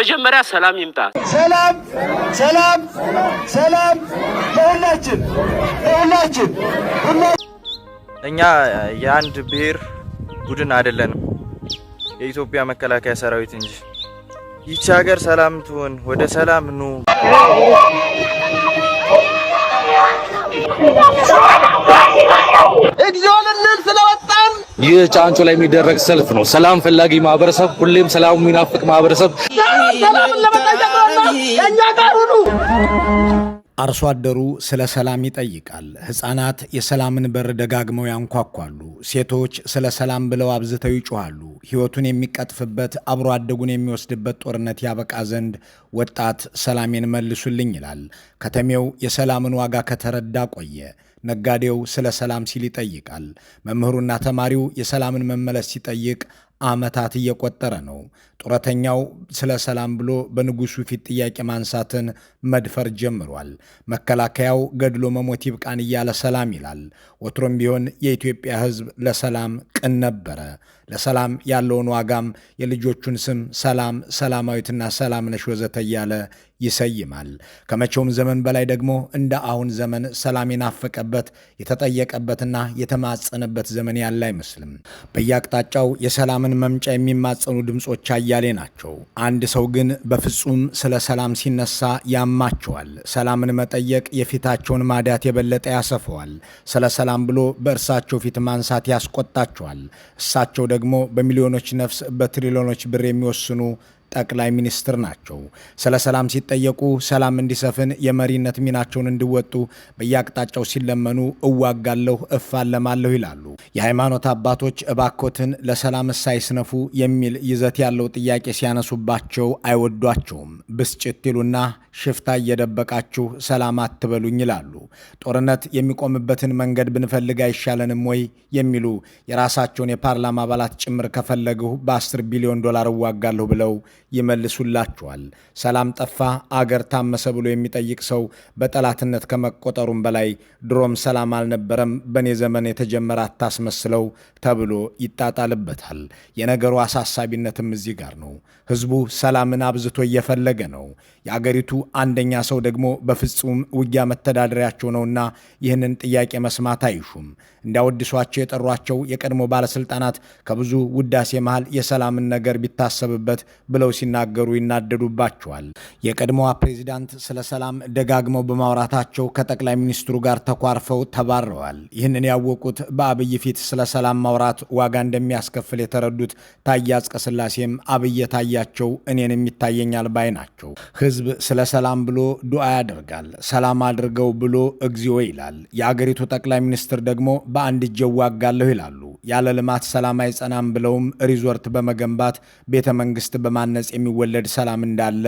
መጀመሪያ ሰላም ይምጣ። ሰላም ሰላም ሰላም ለሁላችን ለሁላችን። እኛ የአንድ ብሔር ቡድን አይደለንም፣ የኢትዮጵያ መከላከያ ሰራዊት እንጂ። ይቺ ሀገር ሰላም ትሆን። ወደ ሰላም ኑ። ይህ ጫንጮ ላይ የሚደረግ ሰልፍ ነው። ሰላም ፈላጊ ማህበረሰብ፣ ሁሌም ሰላሙ የሚናፍቅ ማህበረሰብ አርሶ አደሩ ስለ ሰላም ይጠይቃል። ሕፃናት የሰላምን በር ደጋግመው ያንኳኳሉ። ሴቶች ስለ ሰላም ብለው አብዝተው ይጮኋሉ። ሕይወቱን የሚቀጥፍበት አብሮ አደጉን የሚወስድበት ጦርነት ያበቃ ዘንድ ወጣት ሰላሜን መልሱልኝ ይላል። ከተሜው የሰላምን ዋጋ ከተረዳ ቆየ። ነጋዴው ስለ ሰላም ሲል ይጠይቃል። መምህሩና ተማሪው የሰላምን መመለስ ሲጠይቅ ዓመታት እየቆጠረ ነው። ጡረተኛው ስለ ሰላም ብሎ በንጉሱ ፊት ጥያቄ ማንሳትን መድፈር ጀምሯል። መከላከያው ገድሎ መሞት ይብቃን እያለ ሰላም ይላል። ወትሮም ቢሆን የኢትዮጵያ ሕዝብ ለሰላም ቅን ነበረ። ለሰላም ያለውን ዋጋም የልጆቹን ስም ሰላም፣ ሰላማዊትና ሰላም ነሽ ወዘተ እያለ ይሰይማል። ከመቼውም ዘመን በላይ ደግሞ እንደ አሁን ዘመን ሰላም የናፈቀበት የተጠየቀበትና የተማጸነበት ዘመን ያለ አይመስልም። በየአቅጣጫው የሰላምን ሰላምን መምጫ የሚማጸኑ ድምፆች አያሌ ናቸው። አንድ ሰው ግን በፍጹም ስለ ሰላም ሲነሳ ያማቸዋል። ሰላምን መጠየቅ የፊታቸውን ማዳት የበለጠ ያሰፈዋል። ስለ ሰላም ብሎ በእርሳቸው ፊት ማንሳት ያስቆጣቸዋል። እሳቸው ደግሞ በሚሊዮኖች ነፍስ፣ በትሪሊዮኖች ብር የሚወስኑ ጠቅላይ ሚኒስትር ናቸው። ስለ ሰላም ሲጠየቁ ሰላም እንዲሰፍን የመሪነት ሚናቸውን እንዲወጡ በየአቅጣጫው ሲለመኑ እዋጋለሁ፣ እፋለማለሁ ይላሉ። የሃይማኖት አባቶች እባኮትን ለሰላም ሳይስነፉ የሚል ይዘት ያለው ጥያቄ ሲያነሱባቸው አይወዷቸውም። ብስጭት ይሉና ሽፍታ እየደበቃችሁ ሰላም አትበሉኝ ይላሉ። ጦርነት የሚቆምበትን መንገድ ብንፈልግ አይሻለንም ወይ የሚሉ የራሳቸውን የፓርላማ አባላት ጭምር ከፈለግሁ በ10 ቢሊዮን ዶላር እዋጋለሁ ብለው ይመልሱላችኋል። ሰላም ጠፋ አገር ታመሰ ብሎ የሚጠይቅ ሰው በጠላትነት ከመቆጠሩም በላይ ድሮም ሰላም አልነበረም፣ በእኔ ዘመን የተጀመረ አታስመስለው ተብሎ ይጣጣልበታል። የነገሩ አሳሳቢነትም እዚህ ጋር ነው። ህዝቡ ሰላምን አብዝቶ እየፈለገ ነው። የአገሪቱ አንደኛ ሰው ደግሞ በፍጹም ውጊያ መተዳደሪያቸው ነውና ይህንን ጥያቄ መስማት አይሹም። እንዲያወድሷቸው የጠሯቸው የቀድሞ ባለስልጣናት ከብዙ ውዳሴ መሃል የሰላምን ነገር ቢታሰብበት ብለው ሲናገሩ ይናደዱባቸዋል። የቀድሞዋ ፕሬዚዳንት ስለ ሰላም ደጋግመው በማውራታቸው ከጠቅላይ ሚኒስትሩ ጋር ተኳርፈው ተባረዋል። ይህንን ያወቁት በአብይ ፊት ስለ ሰላም ማውራት ዋጋ እንደሚያስከፍል የተረዱት ታዬ አጽቀሥላሴም አብይ ታያቸው እኔንም ይታየኛል ባይ ናቸው። ህዝብ ስለ ሰላም ብሎ ዱዓ ያደርጋል፣ ሰላም አድርገው ብሎ እግዚኦ ይላል። የአገሪቱ ጠቅላይ ሚኒስትር ደግሞ በአንድ እጄ እዋጋለሁ ይላሉ። ያለ ልማት ሰላም አይጸናም ብለውም ሪዞርት በመገንባት ቤተ መንግስት በማነጽ የሚወለድ ሰላም እንዳለ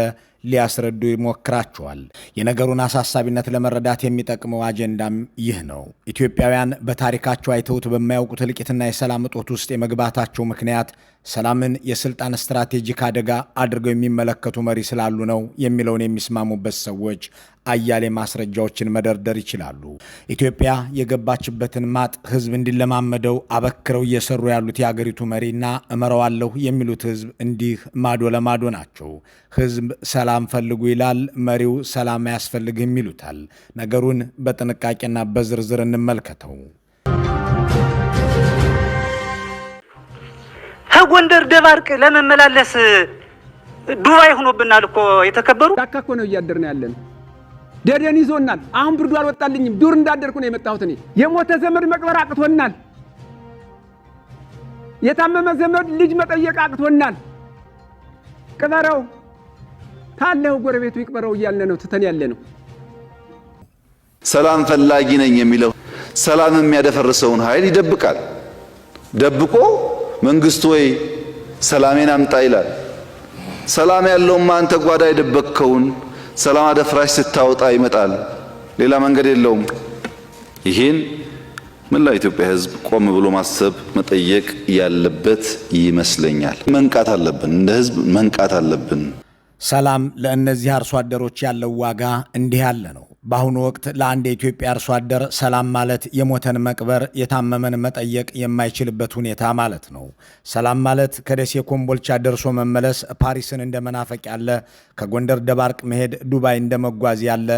ሊያስረዱ ይሞክራቸዋል። የነገሩን አሳሳቢነት ለመረዳት የሚጠቅመው አጀንዳም ይህ ነው። ኢትዮጵያውያን በታሪካቸው አይተውት በማያውቁት እልቂትና የሰላም እጦት ውስጥ የመግባታቸው ምክንያት ሰላምን የስልጣን ስትራቴጂክ አደጋ አድርገው የሚመለከቱ መሪ ስላሉ ነው የሚለውን የሚስማሙበት ሰዎች አያሌ ማስረጃዎችን መደርደር ይችላሉ። ኢትዮጵያ የገባችበትን ማጥ ህዝብ እንዲለማመደው አበክረው እየሰሩ ያሉት የአገሪቱ መሪና እመረዋለሁ የሚሉት ህዝብ እንዲህ ማዶ ለማዶ ናቸው። ህዝብ ሰላም ፈልጉ ይላል፣ መሪው ሰላም አያስፈልግም ይሉታል። ነገሩን በጥንቃቄና በዝርዝር እንመልከተው። ከጎንደር ደባርቅ ለመመላለስ ዱባይ ሆኖብናል እኮ የተከበሩ ጫካ እኮ ነው ያለን ደደን ይዞናል። አሁን ብርዱ አልወጣልኝም። ዱር እንዳደርኩ ነው የመጣሁት እኔ። የሞተ ዘመድ መቅበር አቅቶናል። የታመመ ዘመድ ልጅ መጠየቅ አቅቶናል። ቅበረው ካለው ጎረቤቱ ይቅበረው እያለ ነው ትተን ያለ ነው። ሰላም ፈላጊ ነኝ የሚለው ሰላም የሚያደፈርሰውን ኃይል ይደብቃል። ደብቆ መንግስቱ ወይ ሰላሜን አምጣ ይላል። ሰላም ያለውማ አንተ ጓዳ የደበቅከውን ሰላም አደፍራሽ ስታወጣ ይመጣል። ሌላ መንገድ የለውም። ይህን መላው ኢትዮጵያ ሕዝብ ቆም ብሎ ማሰብ መጠየቅ ያለበት ይመስለኛል። መንቃት አለብን፣ እንደ ሕዝብ መንቃት አለብን። ሰላም ለእነዚህ አርሶ አደሮች ያለው ዋጋ እንዲህ ያለ ነው። በአሁኑ ወቅት ለአንድ የኢትዮጵያ አርሶ አደር ሰላም ማለት የሞተን መቅበር የታመመን መጠየቅ የማይችልበት ሁኔታ ማለት ነው። ሰላም ማለት ከደሴ ኮምቦልቻ ደርሶ መመለስ ፓሪስን እንደ መናፈቅ ያለ፣ ከጎንደር ደባርቅ መሄድ ዱባይ እንደ መጓዝ ያለ፣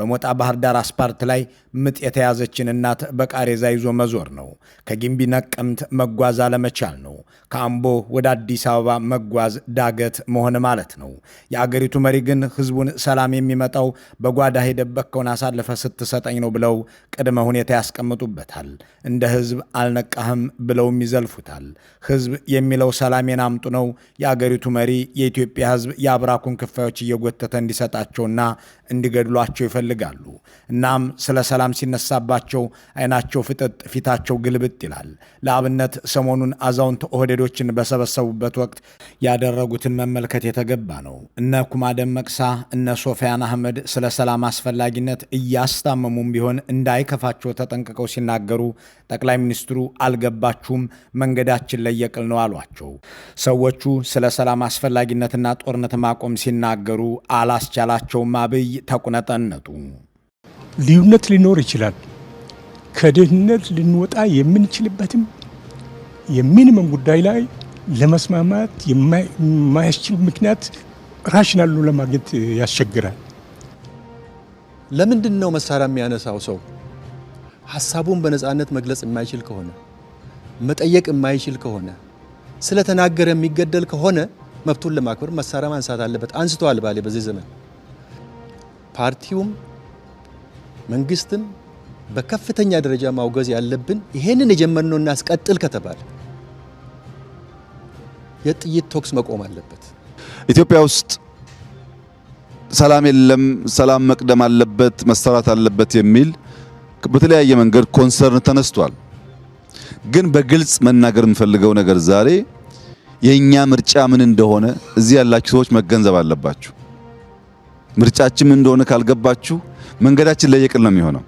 በሞጣ ባህር ዳር አስፓልት ላይ ምጥ የተያዘችን እናት በቃሬዛ ይዞ መዞር ነው። ከጊምቢ ነቀምት መጓዝ አለመቻል ነው። ከአምቦ ወደ አዲስ አበባ መጓዝ ዳገት መሆን ማለት ነው። የአገሪቱ መሪ ግን ህዝቡን ሰላም የሚመጣው በጓዳ ሄደበት ያደረግከውን አሳልፈ ስትሰጠኝ ነው ብለው ቅድመ ሁኔታ ያስቀምጡበታል። እንደ ህዝብ አልነቃህም ብለውም ይዘልፉታል። ህዝብ የሚለው ሰላሜን አምጡ ነው። የአገሪቱ መሪ የኢትዮጵያ ህዝብ የአብራኩን ክፋዮች እየጎተተ እንዲሰጣቸውና እንዲገድሏቸው ይፈልጋሉ። እናም ስለ ሰላም ሲነሳባቸው አይናቸው ፍጥጥ፣ ፊታቸው ግልብጥ ይላል። ለአብነት ሰሞኑን አዛውንት ኦህዴዶችን በሰበሰቡበት ወቅት ያደረጉትን መመልከት የተገባ ነው። እነ ኩማ ደመቅሳ፣ እነ ሶፊያን አህመድ ስለ ሰላም አስፈላጊነት እያስታመሙም ቢሆን እንዳይከፋቸው ተጠንቅቀው ሲናገሩ ጠቅላይ ሚኒስትሩ አልገባችሁም፣ መንገዳችን ለየቅል ነው አሏቸው። ሰዎቹ ስለ ሰላም አስፈላጊነትና ጦርነት ማቆም ሲናገሩ አላስቻላቸውም። አብይ ተቆናጣነቱ ልዩነት ሊኖር ይችላል። ከድህነት ልንወጣ የምንችልበትም የሚኒመም ጉዳይ ላይ ለመስማማት የማያስችል ምክንያት ራሽናሉ ለማግኘት ያስቸግራል። ለምንድን ነው መሳሪያ የሚያነሳው ሰው ሀሳቡን በነፃነት መግለጽ የማይችል ከሆነ መጠየቅ የማይችል ከሆነ ስለተናገረ የሚገደል ከሆነ መብቱን ለማክበር መሳሪያ ማንሳት አለበት። አንስተዋል ባሌ በዚህ ዘመን ፓርቲውም መንግስትም በከፍተኛ ደረጃ ማውገዝ ያለብን ይሄንን የጀመርነው እናስቀጥል ከተባለ የጥይት ተኩስ መቆም አለበት። ኢትዮጵያ ውስጥ ሰላም የለም፣ ሰላም መቅደም አለበት፣ መሰራት አለበት የሚል በተለያየ መንገድ ኮንሰርን ተነስቷል። ግን በግልጽ መናገር የምፈልገው ነገር ዛሬ የእኛ ምርጫ ምን እንደሆነ እዚህ ያላችሁ ሰዎች መገንዘብ አለባችሁ። ምርጫችን ምን እንደሆነ ካልገባችሁ መንገዳችን ለየቅል ነው የሚሆነው።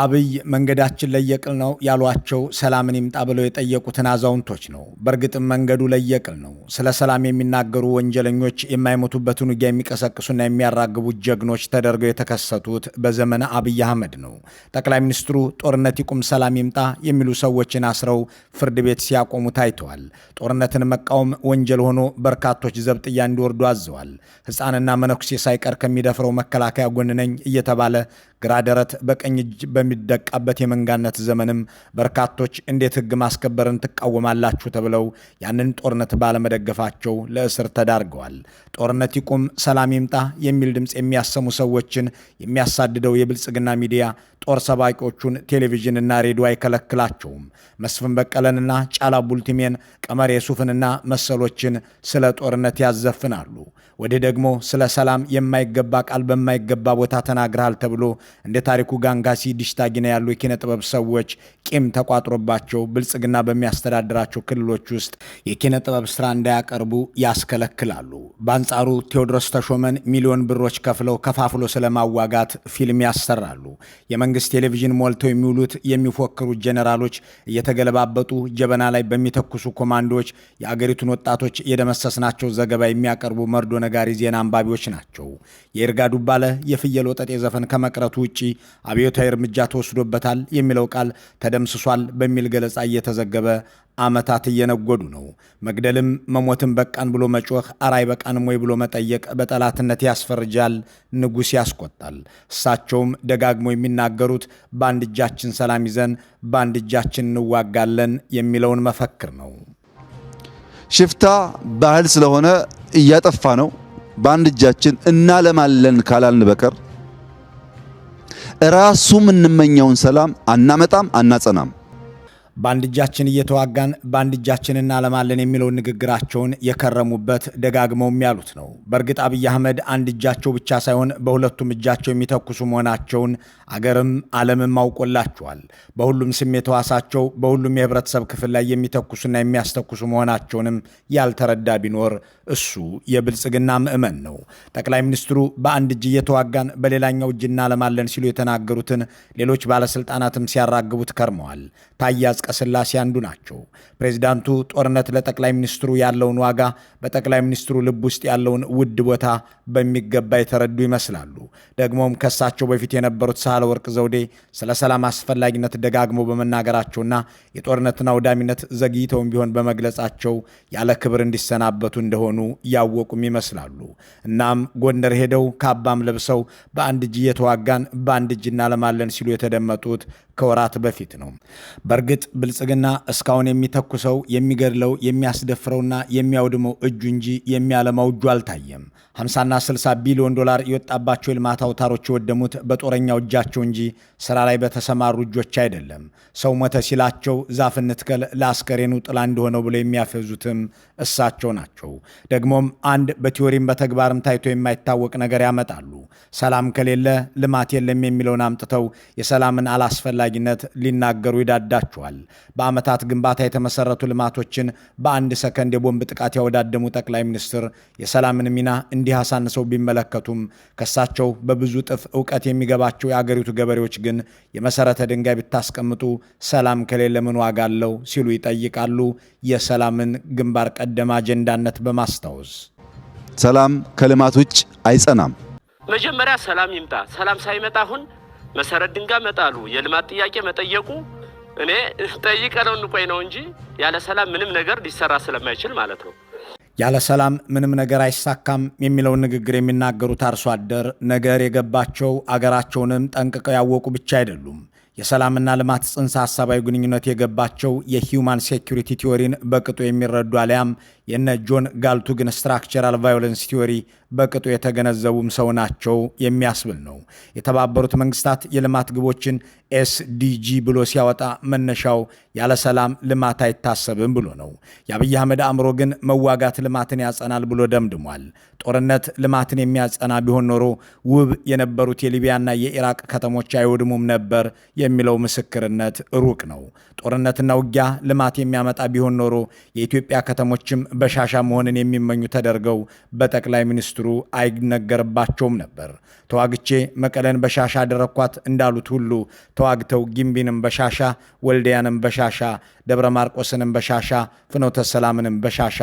አብይ መንገዳችን ለየቅል ነው ያሏቸው ሰላምን ይምጣ ብለው የጠየቁትን አዛውንቶች ነው። በእርግጥም መንገዱ ለየቅል ነው። ስለ ሰላም የሚናገሩ ወንጀለኞች፣ የማይሞቱበትን ውጊያ የሚቀሰቅሱና የሚያራግቡ ጀግኖች ተደርገው የተከሰቱት በዘመነ አብይ አህመድ ነው። ጠቅላይ ሚኒስትሩ ጦርነት ይቁም ሰላም ይምጣ የሚሉ ሰዎችን አስረው ፍርድ ቤት ሲያቆሙ ታይተዋል። ጦርነትን መቃወም ወንጀል ሆኖ በርካቶች ዘብጥያ እንዲወርዱ አዘዋል። ሕፃንና መነኩሴ ሳይቀር ከሚደፍረው መከላከያ ጎን ነኝ እየተባለ ግራ ደረት በቀኝ እጅ በሚደቃበት የመንጋነት ዘመንም በርካቶች እንዴት ህግ ማስከበርን ትቃወማላችሁ ተብለው ያንን ጦርነት ባለመደገፋቸው ለእስር ተዳርገዋል። ጦርነት ይቁም፣ ሰላም ይምጣ የሚል ድምፅ የሚያሰሙ ሰዎችን የሚያሳድደው የብልጽግና ሚዲያ ጦር ሰባቂዎቹን ቴሌቪዥንና ሬዲዮ አይከለክላቸውም። መስፍን በቀለንና ጫላ ቡልቲሜን፣ ቀመር የሱፍንና መሰሎችን ስለ ጦርነት ያዘፍናሉ። ወዲህ ደግሞ ስለ ሰላም የማይገባ ቃል በማይገባ ቦታ ተናግረሃል ተብሎ እንደ ታሪኩ ጋንጋሲ ጊና ያሉ የኪነ ጥበብ ሰዎች ቂም ተቋጥሮባቸው ብልጽግና በሚያስተዳድራቸው ክልሎች ውስጥ የኪነ ጥበብ ስራ እንዳያቀርቡ ያስከለክላሉ። በአንጻሩ ቴዎድሮስ ተሾመን ሚሊዮን ብሮች ከፍለው ከፋፍሎ ስለማዋጋት ፊልም ያሰራሉ። የመንግስት ቴሌቪዥን ሞልተው የሚውሉት የሚፎክሩ ጀነራሎች እየተገለባበጡ ጀበና ላይ በሚተኩሱ ኮማንዶዎች የአገሪቱን ወጣቶች የደመሰስናቸው ዘገባ የሚያቀርቡ መርዶ ነጋሪ ዜና አንባቢዎች ናቸው። የይርጋ ዱባለ የፍየል ወጠጤ ዘፈን ከመቅረቱ ውጪ አብዮታዊ እርምጃ ተወስዶበታል የሚለው ቃል ተደምስሷል በሚል ገለጻ እየተዘገበ ዓመታት እየነጎዱ ነው። መግደልም መሞትም በቃን ብሎ መጮህ፣ አራይ በቃንም ወይ ብሎ መጠየቅ በጠላትነት ያስፈርጃል፣ ንጉሥ ያስቆጣል። እሳቸውም ደጋግሞ የሚናገሩት በአንድ እጃችን ሰላም ይዘን በአንድ እጃችን እንዋጋለን የሚለውን መፈክር ነው። ሽፍታ ባህል ስለሆነ እያጠፋ ነው። በአንድ እጃችን እናለማለን ካላልን በቀር ራሱ የምንመኘውን ሰላም አናመጣም፣ አናጸናም። በአንድ እጃችን እየተዋጋን በአንድ እጃችን እናለማለን የሚለውን ንግግራቸውን የከረሙበት ደጋግመውም ያሉት ነው። በእርግጥ አብይ አህመድ አንድ እጃቸው ብቻ ሳይሆን በሁለቱም እጃቸው የሚተኩሱ መሆናቸውን አገርም ዓለምም አውቆላቸዋል። በሁሉም ስሜት የተዋሳቸው በሁሉም የህብረተሰብ ክፍል ላይ የሚተኩሱና የሚያስተኩሱ መሆናቸውንም ያልተረዳ ቢኖር እሱ የብልጽግና ምዕመን ነው። ጠቅላይ ሚኒስትሩ በአንድ እጅ እየተዋጋን በሌላኛው እጅ እናለማለን ሲሉ የተናገሩትን ሌሎች ባለስልጣናትም ሲያራግቡት ከርመዋል። ታያ ኃይለሥላሴ ስላሴ አንዱ ናቸው። ፕሬዚዳንቱ ጦርነት ለጠቅላይ ሚኒስትሩ ያለውን ዋጋ፣ በጠቅላይ ሚኒስትሩ ልብ ውስጥ ያለውን ውድ ቦታ በሚገባ የተረዱ ይመስላሉ። ደግሞም ከሳቸው በፊት የነበሩት ወርቅ ዘውዴ ስለ ሰላም አስፈላጊነት ደጋግሞ በመናገራቸውና የጦርነትን አውዳሚነት ዘግይተውም ቢሆን በመግለጻቸው ያለ ክብር እንዲሰናበቱ እንደሆኑ ያወቁም ይመስላሉ። እናም ጎንደር ሄደው ካባም ለብሰው በአንድ እጅ እየተዋጋን በአንድ እጅ እናለማለን ሲሉ የተደመጡት ከወራት በፊት ነው። በእርግጥ ብልጽግና እስካሁን የሚተኩሰው የሚገድለው የሚያስደፍረውና የሚያውድመው እጁ እንጂ የሚያለማው እጁ አልታየም። 50ና 60 ቢሊዮን ዶላር የወጣባቸው የልማት አውታሮች የወደሙት በጦረኛው እጃቸው እንጂ ስራ ላይ በተሰማሩ እጆች አይደለም። ሰው ሞተ ሲላቸው ዛፍ እንትከል ለአስከሬኑ ጥላ እንደሆነው ብለው የሚያፈዙትም እሳቸው ናቸው። ደግሞም አንድ በቲዎሪም በተግባርም ታይቶ የማይታወቅ ነገር ያመጣሉ። ሰላም ከሌለ ልማት የለም የሚለውን አምጥተው የሰላምን አላስፈላጊነት ሊናገሩ ይዳዳቸዋል። በዓመታት ግንባታ የተመሰረቱ ልማቶችን በአንድ ሰከንድ የቦምብ ጥቃት ያወዳደሙ ጠቅላይ ሚኒስትር የሰላምን ሚና እንዲህ አሳንሰው ቢመለከቱም ከሳቸው በብዙ ጥፍ እውቀት የሚገባቸው የአገሪቱ ገበሬዎች ግን የመሰረተ ድንጋይ ብታስቀምጡ ሰላም ከሌለ ምን ዋጋ አለው ሲሉ ይጠይቃሉ። የሰላምን ግንባር ቀደም አጀንዳነት በማስታወስ ሰላም ከልማት ውጭ አይጸናም። መጀመሪያ ሰላም ይምጣ። ሰላም ሳይመጣ አሁን መሰረት ድንጋይ መጣሉ፣ የልማት ጥያቄ መጠየቁ እኔ ጠይቀነው እንቆይ ነው እንጂ ያለ ሰላም ምንም ነገር ሊሰራ ስለማይችል ማለት ነው። ያለ ሰላም ምንም ነገር አይሳካም የሚለውን ንግግር የሚናገሩት አርሶ አደር ነገር የገባቸው አገራቸውንም ጠንቅቀው ያወቁ ብቻ አይደሉም የሰላምና ልማት ጽንሰ ሐሳባዊ ግንኙነት የገባቸው የሂውማን ሴኩሪቲ ቲዎሪን በቅጡ የሚረዱ አሊያም የነ ጆን ጋልቱግን ስትራክቸራል ቫዮለንስ ቲዎሪ በቅጡ የተገነዘቡም ሰው ናቸው የሚያስብል ነው። የተባበሩት መንግስታት የልማት ግቦችን ኤስዲጂ ብሎ ሲያወጣ መነሻው ያለ ሰላም ልማት አይታሰብም ብሎ ነው። የአብይ አህመድ አእምሮ ግን መዋጋት ልማትን ያጸናል ብሎ ደምድሟል። ጦርነት ልማትን የሚያጸና ቢሆን ኖሮ ውብ የነበሩት የሊቢያና የኢራቅ ከተሞች አይወድሙም ነበር የሚለው ምስክርነት ሩቅ ነው። ጦርነትና ውጊያ ልማት የሚያመጣ ቢሆን ኖሮ የኢትዮጵያ ከተሞችም በሻሻ መሆንን የሚመኙ ተደርገው በጠቅላይ ሚኒስትሩ አይነገርባቸውም ነበር። ተዋግቼ መቀለን በሻሻ አደረኳት እንዳሉት ሁሉ ተዋግተው ጊምቢንም በሻሻ ወልዲያንም በሻሻ ደብረ ማርቆስንም በሻሻ ፍኖተ ሰላምንም በሻሻ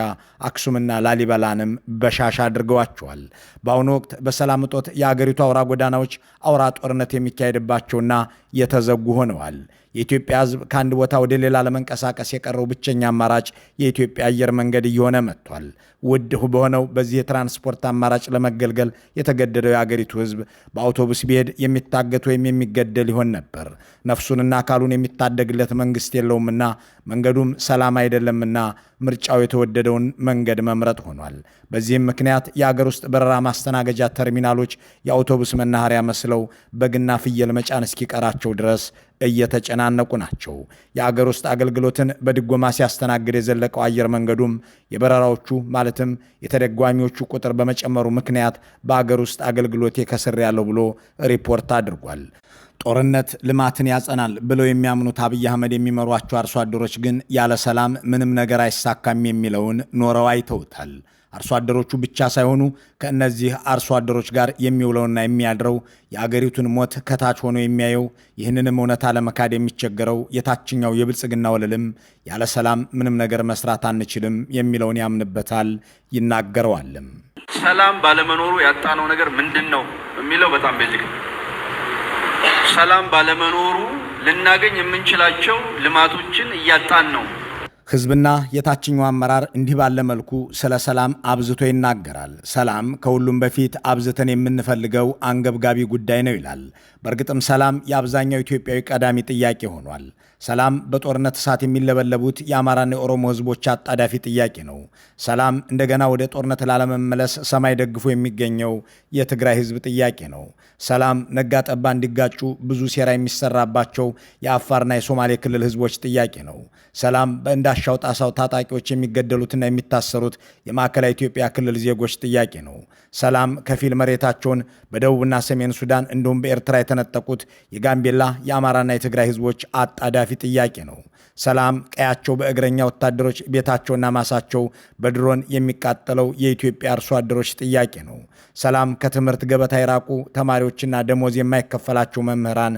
አክሱምና ላሊበላንም በሻሻ አድርገዋቸዋል። በአሁኑ ወቅት በሰላም እጦት የአገሪቱ አውራ ጎዳናዎች አውራ ጦርነት የሚካሄድባቸውና የተዘ የተዘጉ ሆነዋል። የኢትዮጵያ ሕዝብ ከአንድ ቦታ ወደ ሌላ ለመንቀሳቀስ የቀረው ብቸኛ አማራጭ የኢትዮጵያ አየር መንገድ እየሆነ መጥቷል። ውድ በሆነው በዚህ የትራንስፖርት አማራጭ ለመገልገል የተገደደው የአገሪቱ ሕዝብ በአውቶቡስ ቢሄድ የሚታገት ወይም የሚገደል ይሆን ነበር። ነፍሱንና አካሉን የሚታደግለት መንግስት የለውምና መንገዱም ሰላም አይደለምና ምርጫው የተወደደውን መንገድ መምረጥ ሆኗል። በዚህም ምክንያት የአገር ውስጥ በረራ ማስተናገጃ ተርሚናሎች የአውቶቡስ መናኸሪያ መስለው በግና ፍየል መጫን እስኪቀራቸው ድረስ እየተጨናነቁ ናቸው። የአገር ውስጥ አገልግሎትን በድጎማ ሲያስተናግድ የዘለቀው አየር መንገዱም የበረራዎቹ ማለትም የተደጓሚዎቹ ቁጥር በመጨመሩ ምክንያት በአገር ውስጥ አገልግሎት ከስር ያለው ብሎ ሪፖርት አድርጓል። ጦርነት ልማትን ያጸናል ብለው የሚያምኑት አብይ አህመድ የሚመሯቸው አርሶ አደሮች ግን ያለ ሰላም ምንም ነገር አይሳካም የሚለውን ኖረው አይተውታል። አርሶ አደሮቹ ብቻ ሳይሆኑ ከእነዚህ አርሶ አደሮች ጋር የሚውለውና የሚያድረው የአገሪቱን ሞት ከታች ሆኖ የሚያየው ይህንንም እውነታ ለመካድ የሚቸገረው የታችኛው የብልጽግና ወለልም ያለ ሰላም ምንም ነገር መስራት አንችልም የሚለውን ያምንበታል፣ ይናገረዋልም። ሰላም ባለመኖሩ ያጣነው ነገር ምንድን ነው የሚለው በጣም ቤዚክ ነው። ሰላም ባለመኖሩ ልናገኝ የምንችላቸው ልማቶችን እያጣን ነው። ህዝብና የታችኛው አመራር እንዲህ ባለ መልኩ ስለ ሰላም አብዝቶ ይናገራል። ሰላም ከሁሉም በፊት አብዝተን የምንፈልገው አንገብጋቢ ጉዳይ ነው ይላል። በእርግጥም ሰላም የአብዛኛው ኢትዮጵያዊ ቀዳሚ ጥያቄ ሆኗል። ሰላም በጦርነት እሳት የሚለበለቡት የአማራና የኦሮሞ ህዝቦች አጣዳፊ ጥያቄ ነው። ሰላም እንደገና ወደ ጦርነት ላለመመለስ ሰማይ ደግፎ የሚገኘው የትግራይ ህዝብ ጥያቄ ነው። ሰላም ነጋ ጠባ እንዲጋጩ ብዙ ሴራ የሚሰራባቸው የአፋርና የሶማሌ ክልል ህዝቦች ጥያቄ ነው። ሰላም በእንዳሻው ጣሳው ታጣቂዎች የሚገደሉትና የሚታሰሩት የማዕከላዊ ኢትዮጵያ ክልል ዜጎች ጥያቄ ነው። ሰላም ከፊል መሬታቸውን በደቡብና ሰሜን ሱዳን እንዲሁም በኤርትራ የተነጠቁት የጋምቤላ የአማራና የትግራይ ህዝቦች አጣዳፊ ጥያቄ ነው። ሰላም ቀያቸው በእግረኛ ወታደሮች ቤታቸውና ማሳቸው በድሮን የሚቃጠለው የኢትዮጵያ አርሶ አደሮች ጥያቄ ነው። ሰላም ከትምህርት ገበታ የራቁ ተማሪዎችና ደሞዝ የማይከፈላቸው መምህራን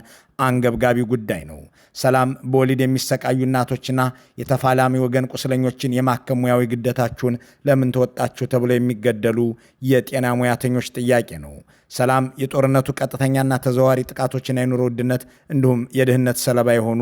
አንገብጋቢ ጉዳይ ነው። ሰላም በወሊድ የሚሰቃዩ እናቶችና የተፋላሚ ወገን ቁስለኞችን የማከም ሙያዊ ግዴታችሁን ለምን ተወጣችሁ ተብሎ የሚገደሉ የጤና ሙያተኞች ጥያቄ ነው። ሰላም የጦርነቱ ቀጥተኛና ተዘዋሪ ጥቃቶችና የኑሮ ውድነት እንዲሁም የድህነት ሰለባ የሆኑ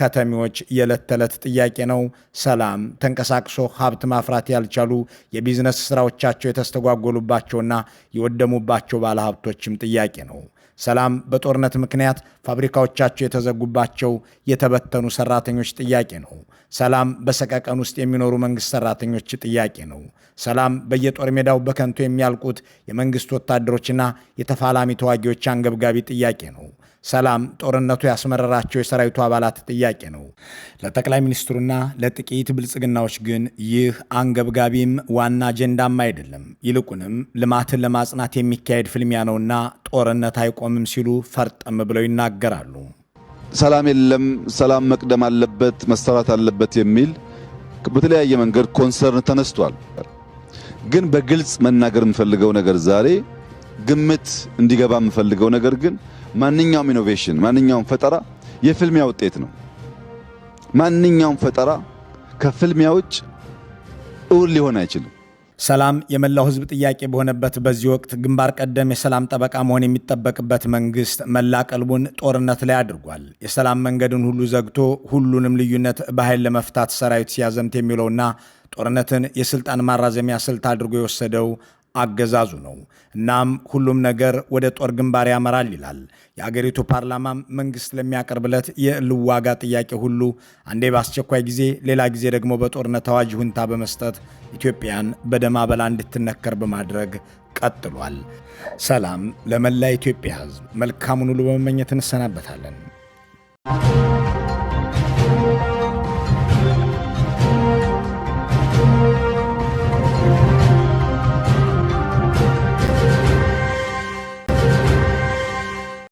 ከተሚዎች የዕለት ተዕለት ጥያቄ ነው። ሰላም ተንቀሳቅሶ ሀብት ማፍራት ያልቻሉ የቢዝነስ ስራዎቻቸው የተስተጓጎሉባቸውና የወደሙባቸው ባለሀብቶችም ጥያቄ ነው። ሰላም በጦርነት ምክንያት ፋብሪካዎቻቸው የተዘጉባቸው የተበተኑ ሰራተኞች ጥያቄ ነው። ሰላም በሰቀቀን ውስጥ የሚኖሩ መንግስት ሰራተኞች ጥያቄ ነው። ሰላም በየጦር ሜዳው በከንቱ የሚያልቁት የመንግስት ወታደሮችና የተፋላሚ ተዋጊዎች አንገብጋቢ ጥያቄ ነው። ሰላም ጦርነቱ ያስመረራቸው የሰራዊቱ አባላት ጥያቄ ነው። ለጠቅላይ ሚኒስትሩና ለጥቂት ብልጽግናዎች ግን ይህ አንገብጋቢም ዋና አጀንዳም አይደለም። ይልቁንም ልማትን ለማጽናት የሚካሄድ ፍልሚያ ነውና ጦርነት አይቆምም ሲሉ ፈርጠም ብለው ይናገራሉ። ሰላም የለም፣ ሰላም መቅደም አለበት፣ መሰራት አለበት የሚል በተለያየ መንገድ ኮንሰርን ተነስቷል። ግን በግልጽ መናገር የምፈልገው ነገር ዛሬ ግምት እንዲገባ የምፈልገው ነገር ግን ማንኛውም ኢኖቬሽን፣ ማንኛውም ፈጠራ የፍልሚያ ውጤት ነው። ማንኛውም ፈጠራ ከፍልሚያ ውጭ እውን ሊሆን አይችልም። ሰላም የመላው ህዝብ ጥያቄ በሆነበት በዚህ ወቅት ግንባር ቀደም የሰላም ጠበቃ መሆን የሚጠበቅበት መንግስት መላ ቀልቡን ጦርነት ላይ አድርጓል። የሰላም መንገድን ሁሉ ዘግቶ ሁሉንም ልዩነት በኃይል ለመፍታት ሰራዊት ሲያዘምት የሚለውና ጦርነትን የስልጣን ማራዘሚያ ስልት አድርጎ የወሰደው አገዛዙ ነው። እናም ሁሉም ነገር ወደ ጦር ግንባር ያመራል ይላል። የአገሪቱ ፓርላማ መንግስት ለሚያቀርብለት የልዋጋ ጥያቄ ሁሉ አንዴ በአስቸኳይ ጊዜ፣ ሌላ ጊዜ ደግሞ በጦርነት አዋጅ ሁንታ በመስጠት ኢትዮጵያን በደማ በላ እንድትነከር በማድረግ ቀጥሏል። ሰላም ለመላ ኢትዮጵያ ህዝብ። መልካሙን ሁሉ በመመኘት እንሰናበታለን።